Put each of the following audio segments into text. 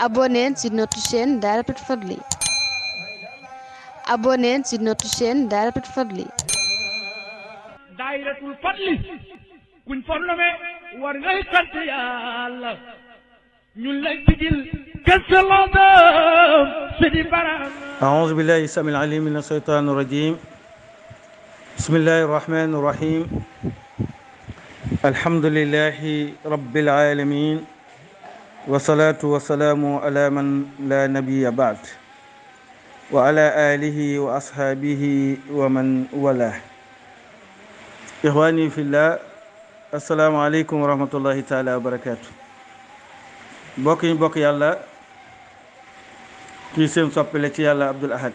abonnez sur notre chaîne Dahiratoul Fadly abonnez sur notre chaîne Dahiratoul Fadly Dahiratoul Fadly kuñ fonnome war ngay sant Yàlla ñun lay digil kasaladam sidi baram أعوذ بالله السميع العليم من الشيطان الرجيم بسم الله الرحمن الرحيم الحمد لله رب العالمين wasalaatu wasalaamu ala man la nabiya baad wa ala alihi wa ashaabihi wa man wala ixwaani fillah assalaamu aleykum wa rahmatullahi taala wa barakaatu bokk ñu bokk yàlla kii seen soppile ci yàlla Abdul Ahad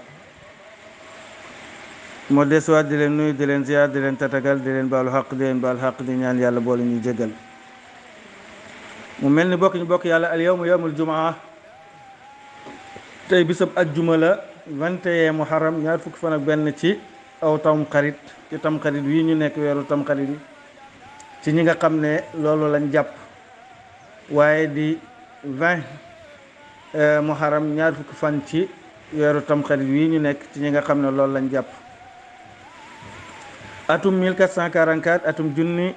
moo desuwaat di leen nuyu di leen ziyaar di leen tatagal di leen baalu xaq di leen baalu xaq di ñaan yàlla boole ñu jégal mu mel ni bokk ñu bokk yàlla al yawmu yawmul jumaa tey bisab juma la vingt et un ñaar fukki fan ak benn ci aw tamxarit ci tamxarit wii ñu nekk weeru tamxarit yi ci ñi nga xam ne loolu lañ jàpp waaye di euh, mu xaram ñaar fukki fan ci weeru tamxarit wii ñu nekk ci ñi nga xam ne loolu lañ jàpp atum junni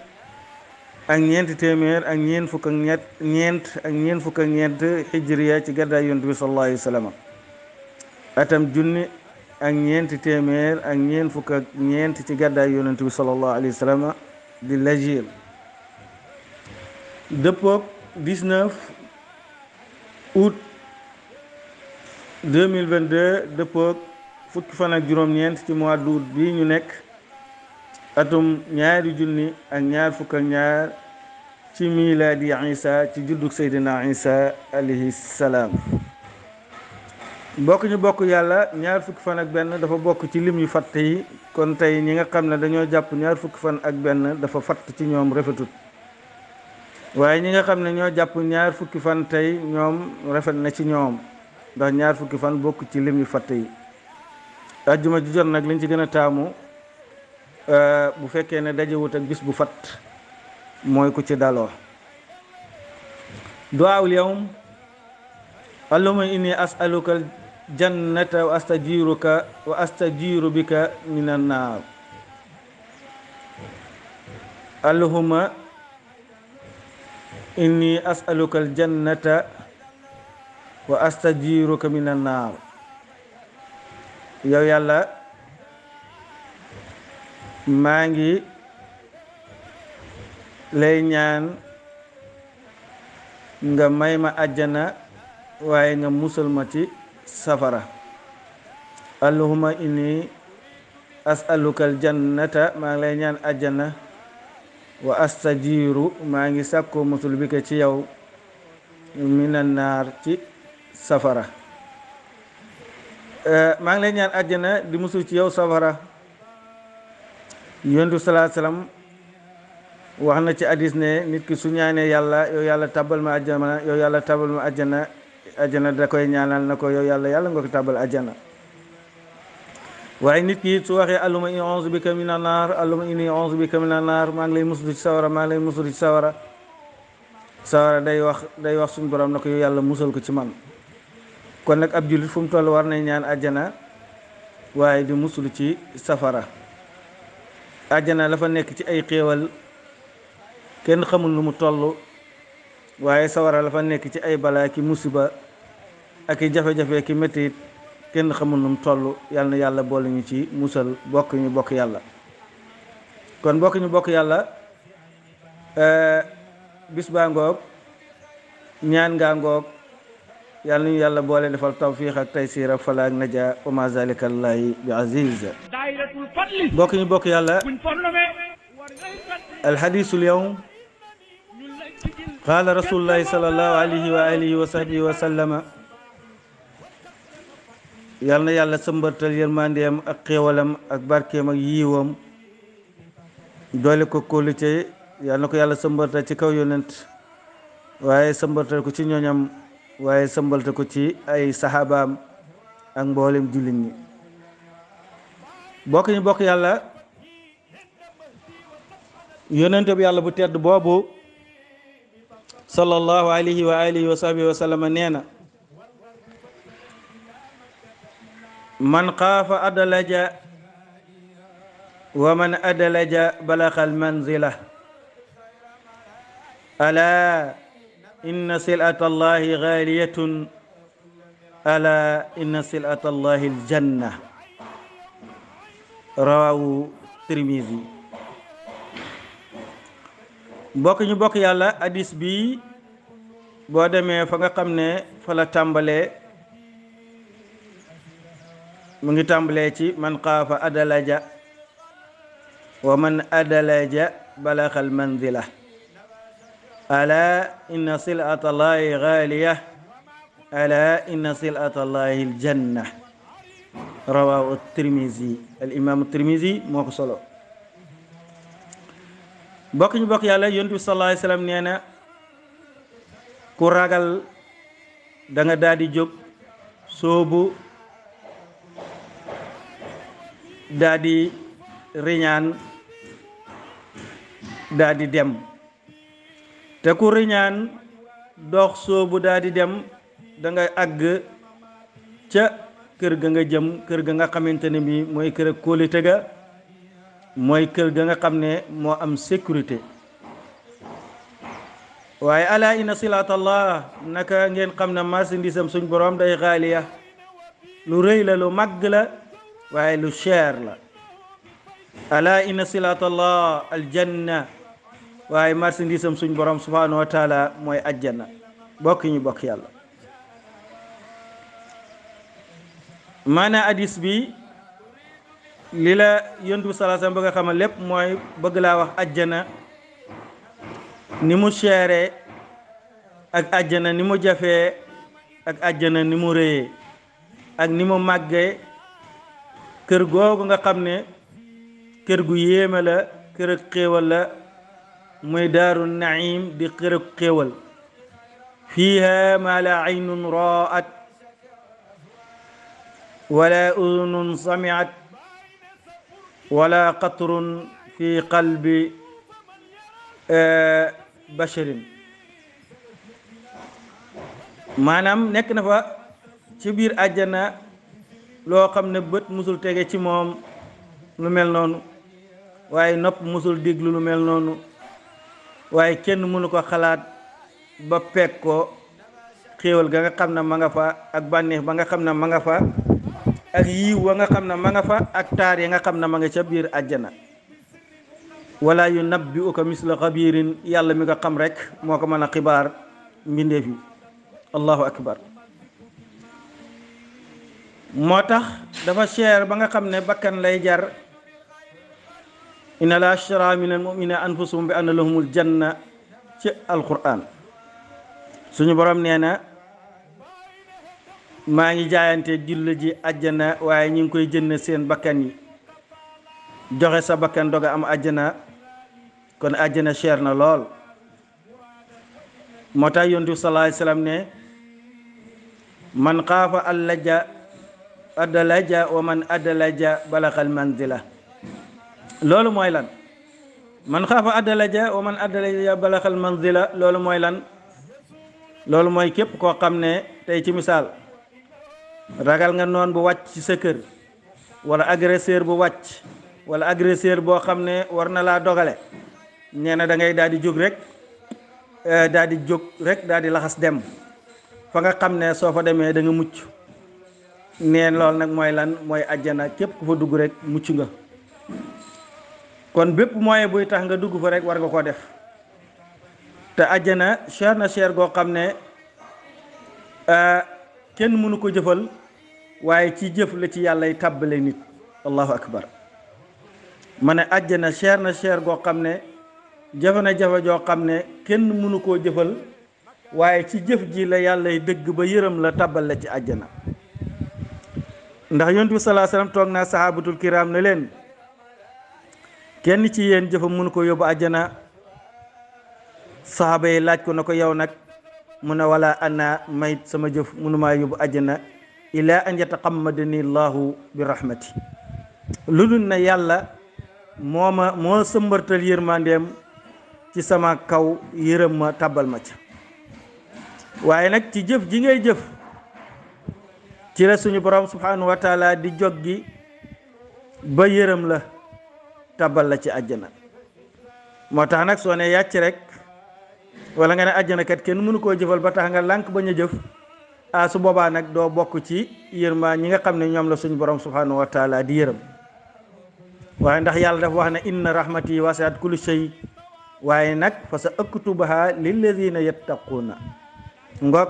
ak ñeenti téeméer ak ñeent fukk ak ñeent ak ñeent fukk ak ñeent hijriya ci gàddaay yonent bi sallallahu alayhi atam junni ak ñeenti téeméer ak ñeent fukk ak ñeent ci gàddaay yonent bi sallallahu alayhi wa sallam di lajil dëppook 19 août 2022 dëppook fukki fan ak juróom-ñeent ci mois d'août bi ñu nekk atum ñaari junni ak ñaar fukk ak ñaar ci miilaadi isa ci juddug seydina isa alayhi salaam mbokk bokk yàlla ñaar fukki fan ak benn dafa bokk ci lim yu fatt yi kon tey ñi nga xam ne dañoo jàpp ñaar fukki fan ak benn dafa fatt ci ñoom rafetut waaye ñi nga xam ne ñoo jàpp ñaar fukki fan tey ñoom rafet na ci ñoom ndax ñaar fukki fan bokk ci lim yu fatte yi ajjuma ji jot nag liñ ci gën a taamu Euh, bu fekkee ne dajewut ak bis bu fat mooy ku ci daloo duwaawul yawm allahuma inni asaluka jannata wa astajiruka wa astajiru bika min annaar inni asaluka aljannata wa astajiruka min annaar yow yàlla maa ngi lay ñaan nga may ma àjjana waaye nga musal ma ci safara ini inni asaluka aljannata maa ngi lay ñaan àjjana wa astajiiru maa ngi sàkkoo musul bi ci yow mina naar ci safara eh, maa ngi lay ñaan àjjana di musul ci yow safara yontu salaa wax na ci hadis ne nit ki su ñaanee yàlla yow yàlla tabal ma ajjana yow yàlla tabal ma ajjana ajjana da koy ñaanal na ko yow yàlla yàlla nga ko tabal ajjana waaye nit kii su waxee alluma inni onze bika mina naar alluma inni onze bika mina naar maa ngi lay muslu ci sawara maa ngi lay muslu ci sawara sawara day wax day wax suñu borom na ko yàlla musal ko ci man kon nag ab jullit fu mu toll war nañ ñaan ajjana waaye di muslu ci safara àjjana la fa nekk ci ay xéewal kenn xamul lu mu toll waaye sawara la fa nekk ci ay balaa ki musiba ak jafe-jafe ki mettit kenn xamul nu mu toll yàlla na yàlla boole ñu ci musal bokk ñu bokk yàlla kon bokk ñu bokk yàlla eh, bis baa ngoog ñaan ngaa ngoog yàlla ñu yàlla boole defal tawfiix ak taysiir ak falaa ak najaa wa zalika lillaahi bi aziz mbokk bokk yàlla alxadiisul yawm qaala rasulullahi salallahu alayhi wa alihi wa sahbihi wa sallama yal na yàlla sëmbartal yërmandeem ak xéewalam ak barkeem ak yiiwam doole ko kóolite yal ko yàlla sëmbartal ci kaw yonent waaye sëmbartal ko ci ñooñam waaye sëmbartal ko ci ay saxaabaam ak mboolem jullit ñi bokk ñu bokk yàlla yonente bi yàlla bu tedd boobu sallallahu alayhi wa alihi wa sahbihi wa sallama nee na man xaafa adalaja wa man adalaja balaxal manzila ala inna silata allahi gaaliyatun ala inna silata allahi aljanna rawaawu Tirmisi bokk ñu bokk yàlla hadis bi boo demee fa nga xam ne fala la mu ngi tàmbalee ci man xaafa adalaja wa man adalaja balaxal manzila ala inna silatallahi xaaliya ala inna silatallahi aljanna rawaahu tirmisi al imaamu tirmisi moo ko solo bokk ñu bokk yàlla yonent bi sallallaahu alayhi nee na ku ragal danga daldi jóg soobu daldi di riñaan daal dem te ku riñaan dox soobu daldi dem da àgg ca kër ga nga jëm kër ga nga xamante ne bii mooy kër ak kóolite ga mooy kër ga nga xam ne moo am sécurité waaye ala inna silatallah naka ngeen xam ne marchandise am suñ boroom day xaaliya lu rëy la lu màgg la waaye lu cher la ala inna silatallah aljanna waaye marchandise am suñ borom subhanahu wa taala mooy ajjana bokk ñu bokk yàlla maanaa hadis bi li la yontu bi sallallahu a xamal lépp mooy bëgg laa wax ajjana ni mu ceere ak ajjana ni mu jafee ak ajjana ni mu rëyee ak ni mu màggee kër googu nga xam ne kër gu yéeme la kër ak xéewal la muy daaru naim di kër ak xéewal fiiha ma la aynun raat ولا أذن سمعت ولا قطر في قلب بشر maanaam nekk na fa ci biir àjjana loo xam ne bët musul tege ci moom lu mel noonu waaye nopp musul déglu lu mel noonu waaye kenn mënu ko xalaat ba peeg ko xéewal ga nga xam na ma nga fa ak bànneex ba nga xam ne ma nga fa ak yiw wa nga xam na ma nga fa ak taar ya nga xam ne ma nga ca biir àjjana wala yu nabbi uka misla xabirin yàlla mi nga xam rek moo ko mën a xibaar mbindeef yi allahu akbar moo tax dafa cher ba nga xam ne bakkan lay jar inna la ashtara min almuminina anfusahum bi anna lahumul janna ci alquran suñu borom nee maa ngi jaayante julli ji àjjana waaye ñu ngi koy jënd seen bakkan yi joxe sa bakkan doga am àjjana kon àjjana cher na lool moo tax yontu salaay salaam ne man xaafa allaja adalaja wa man adalaja loolu mooy lan man xaafa adalaja wa man adalaja balaxal manzila loolu mooy lan loolu mooy képp koo xam ne tey ci misaal ragal nga noon bu wàcc ci sa kër wala agresseur bu wàcc wala agresseur boo xam ne war na laa dogale nee na da daal di jóg rek eh, daal di jóg rek daal di laxas dem fa nga xam ne soo fa demee da mucc neen loolu nag mooy lan mooy àjjana képp ku fa dugg rek mucc nga kon bépp moyen buy tax nga dugg fa rek war nga koo def te àjjana cher na cher goo xam ne eh, kenn mënu ko jëfal waaye ci jëf la ci yàllay tàbbale nit allahu akbar ma ne àjjana cher na cher goo xam ne jafe na jafe joo xam ne kenn mënu ko jëfal waaye ci jëf ji la yàllay dëgg ba yërëm la tàbbal la ci àjjana ndax yontu bi salaa salaam toog ne leen kenn ci yéen jëfam mënu ko yóbbu àjjana saaba yi laaj ko na ko yow nag mu ne wala ana mayit sama jëf mënumaa yóbbu àjjana ila an yataqammadani llahu bi rahmati lu dul na yàlla moo ma moo sëmbartal yërmandeem ci sama kaw yërëm ma tàbbal ma ca waaye nag ci jëf ji ngay jëf ci la suñu borom subhanahu wa di jog gi ba yërëm la tàbbal la ci àjjana moo tax nag soo ne yàcc rek wala nga ne àjjana kat kenn mënu koo jëfal ba tax nga lànk bañ a jëf ah su boobaa nag doo bokk ci yërma ñi nga xam ne ñoom la suñ borom subhanahu wa di yërëm waaye ndax yàlla dafa wax ne inna rahmati wasiat kulli shay waaye nag fa sa aktubaha lilladina na ngok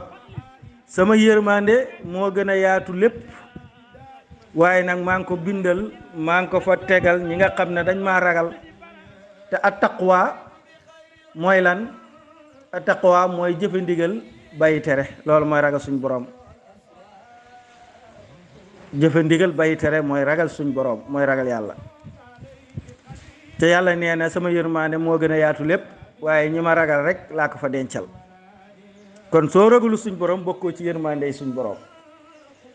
sama yërmande moo gën a yaatu lépp waaye nag maa ngi ko bindal maa ngi ko fa tegal ñi nga xam ne dañ maa ragal te attaqwa mooy lan taqwa mooy jëfe ndigal bàyyi tere loolu mooy ragal suñ boroom jëfe ndigal mooy ragal suñ boroom mooy ragal yàlla te yàlla nee na sama yërmaande moo gën a yaatu lépp waaye ñi ma ragal rek laa ko fa dencal kon soo ragalu suñ borom bokkoo ci yërmaande yi suñ borom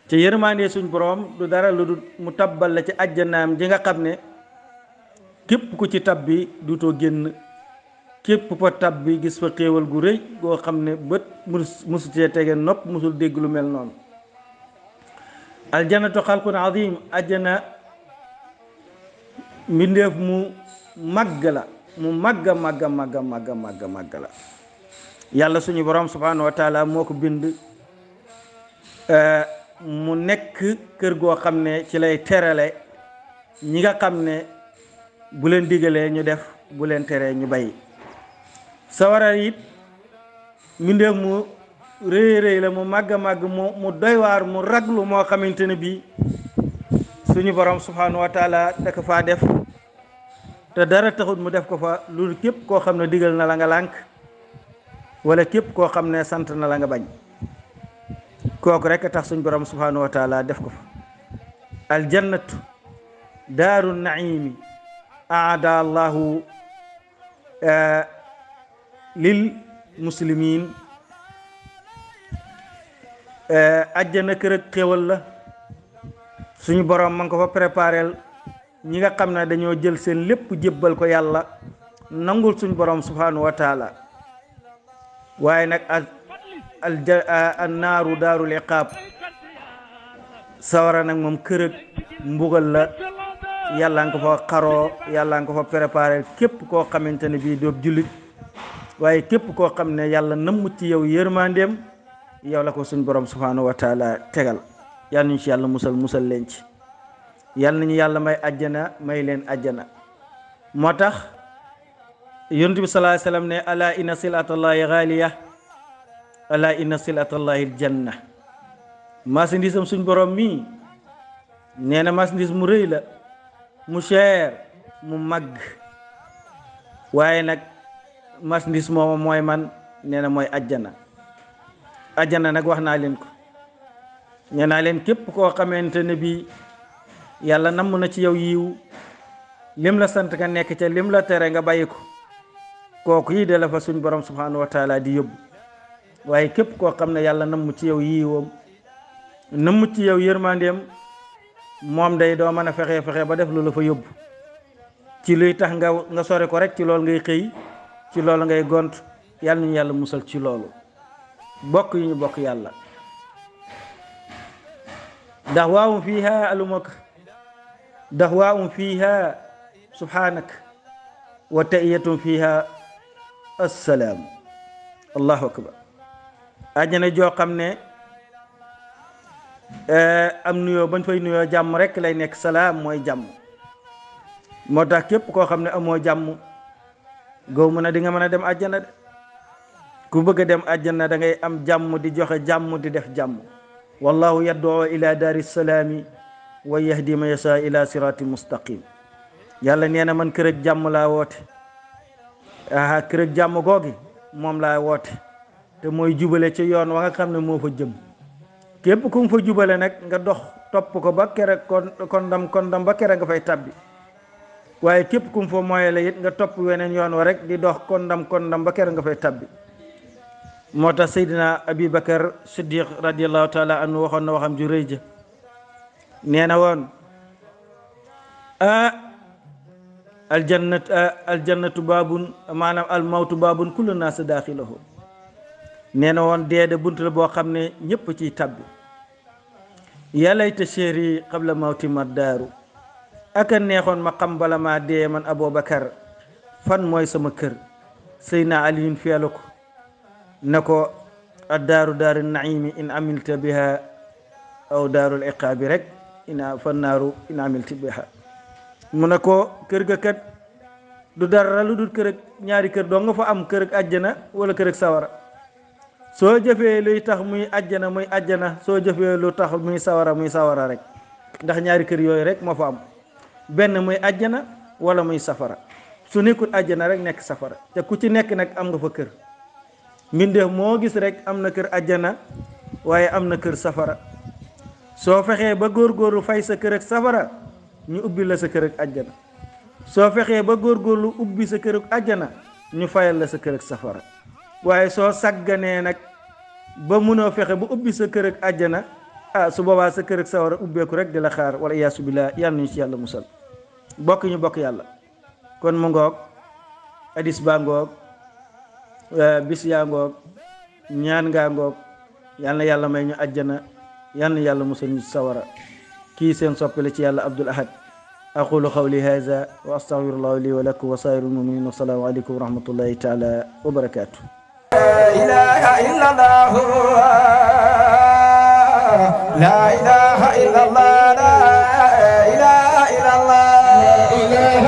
te suñ borom du dara lu dul mu tabbal la ci àjjanaam ji nga xam ne képp ku ci tab bi dutoo génn képp fa tab bi gis fa xéewal gu rëy goo xam ne bët musu cee tege nopp musul dégg lu mel noonu aljanatu xalqun azim ajjana mbindeef mu màgg la mu màgg a màgg a màgg a màgg màgg màgg la yàlla suñu borom subhanahu wa moo ko bind euh, mu nekk kër goo xam ne ci lay terale ñi nga xam ne bu leen digalee ñu def bu leen teree ñu bay sawara it mbindeef mu rëy rëy la mu màgg a màgg mu mu doy waar mu raglu moo xamante ne bii suñu borom subhanahu wa da ko faa def te dara taxut mu def ko fa loolu képp koo xam ne digal na la nga lànk wala képp koo xam ne sant na la nga bañ kooku rek tax suñu borom subhanahu wa def ko fa aljannatu daaru naimi aada allahu eh, lil muslimin ajjana eh, kër ak la suñu borom ma ngi ko fa préparel ñi nga xam na dañoo jël seen lépp jëbbal ko yàlla nangul suñ borom subhanahu wa waaye nag al naaru daarul iqaab sawara nag moom kër ak mbugal la yàlla nga ko fa xaroo yàlla nga ko fa préparel képp koo xamante ne bii doob jullit waaye képp koo xam ne yàlla namm ci yow yërmandeem yow la ko suñ borom subhanahu wa taala tegal yal nañu ci yàlla musal musal leen ci yal nañu yàlla may àjjana may leen àjjana moo tax yonent bi sallallahu alayhi wasallam ne ala inna silatallahi ghaliya ala inna silatallahi aljanna marchandise am suñ borom mii nee na marchandise mu rëy la mu cher mu màgg waaye nag marchandise mooma mooy man nee na mooy ajjana ajjana nag wax naa leen ko nee naa leen képp koo xamante ne bii yàlla namm na ci yow yiw lim la sant nga nekk ca lim la tere nga bàyyi ko kooku yi de la fa suñ borom subhanahu wa taala di yóbbu waaye képp koo xam ne yàlla namm ci yow yiwam namm ci yow yërmandeem moom day doo mën a fexe fexe ba def lu la fa yóbbu ci luy tax nga nga sore ko rek ci loolu ngay xëy ci loolu ngay gont yàlla nañu yàlla musal ci loolu bokk yu ñu bokk yàlla daxwaahum fiiha alumak daxwaahum fiiha subhanak wa tahiyatum fiiha assalaam allahu akbar àjjana joo xam ne eh, am nuyoo bañ fay nuyoo jàmm rekk lay nekk salaam mooy jàmm moo tax képp koo xam ne amoo jàmm góob mu ne di nga mën a dem àjjana de ku bëgg a dem àjjana dangay am jàmm di joxe jàmm di def jàmm wallahu yaddoo ila daari salaami wa yahdi ma yasa ila sirati mustaqim yàlla nee na man kër ak jàmm laa woote aha kër ak jàmm googi moom laa woote te mooy jubale ci yoon wa nga xam ne moo fa jëm képp ku fa jubale nag nga dox topp ko ba kere kon kondam kondam ba kere nga fay tabbi waaye képp kum fa mooye la it nga topp weneen yoon wa rek di dox kondam kondam ba kër nga fay tabbi moo tax seydina abi bakar siddiq radiallahu taala waxoon na waxam ju rëy ja nee na woon ah aljannat aljannatu baabun maanaam almawtu baabun kullu naasa daaxilahu nee na woon deede bunt la boo xam ne ñëpp ciy tabbi yàllay ta chéri qabla mawti maddaaru ak a neexoon ma xam bala maa dee man Aboubacar fan mooy sama kër Seydina Aliyun feelu ko na ko a daaru daaru naimi in amilta biha aw daarul bi rek ina fan naaru in amilta biha mu ne ko kër ga kat du dara lu dul kër ak ñaari kër doo nga fa am kër ak àjjana wala kër ak sawara soo jëfee luy tax muy àjjana muy àjjana soo jëfee lu tax muy sawara muy sawara rek ndax ñaari kër yooyu rek moo fa am benn muy àjjana wala muy safara su nekkul àjjana rek nekk safara te ku ci nekk nag am nga fa kër mbindeef moo gis rek am na kër àjjana waaye am na kër safara soo fexee ba góor góorgóorlu fay sa kër ak safara ñu ubbi la sa kër ak soo fexee ba góorgóorlu ubbi sa kër ak àjjana ñu fayal la sa kër safara waaye soo sàgganee nag ba mënoo fexe ba ubbi sa kër ak àjjana ah su boobaa sa kër ak safara ubbeeku rek di la xaar wala iyaasu billah yàlla nañu ci yàlla musal bokk ñu bokk yàlla kon mu ngoog hadis baa ngoog euh, bis yaa ñaan ngaa ngoog yal na yàlla may ñu àjjana yal yàlla musal ñu sawara kii seen soppi ci yàlla Abdul Ahad aqulu qawli haza wa astaghfirullah li wa lakum wa sairul muminin wa salaamu aleykum wa rahmatullahi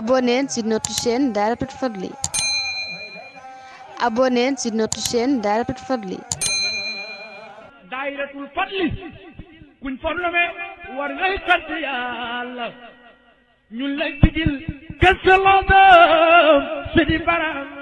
abonnez sur notre chaîne Dahiratoul Fadly abonnez sur notre chaîne Dahiratoul Fadly kuñ forlome war ngay sant ñun lay tigil kese la doom sidi baram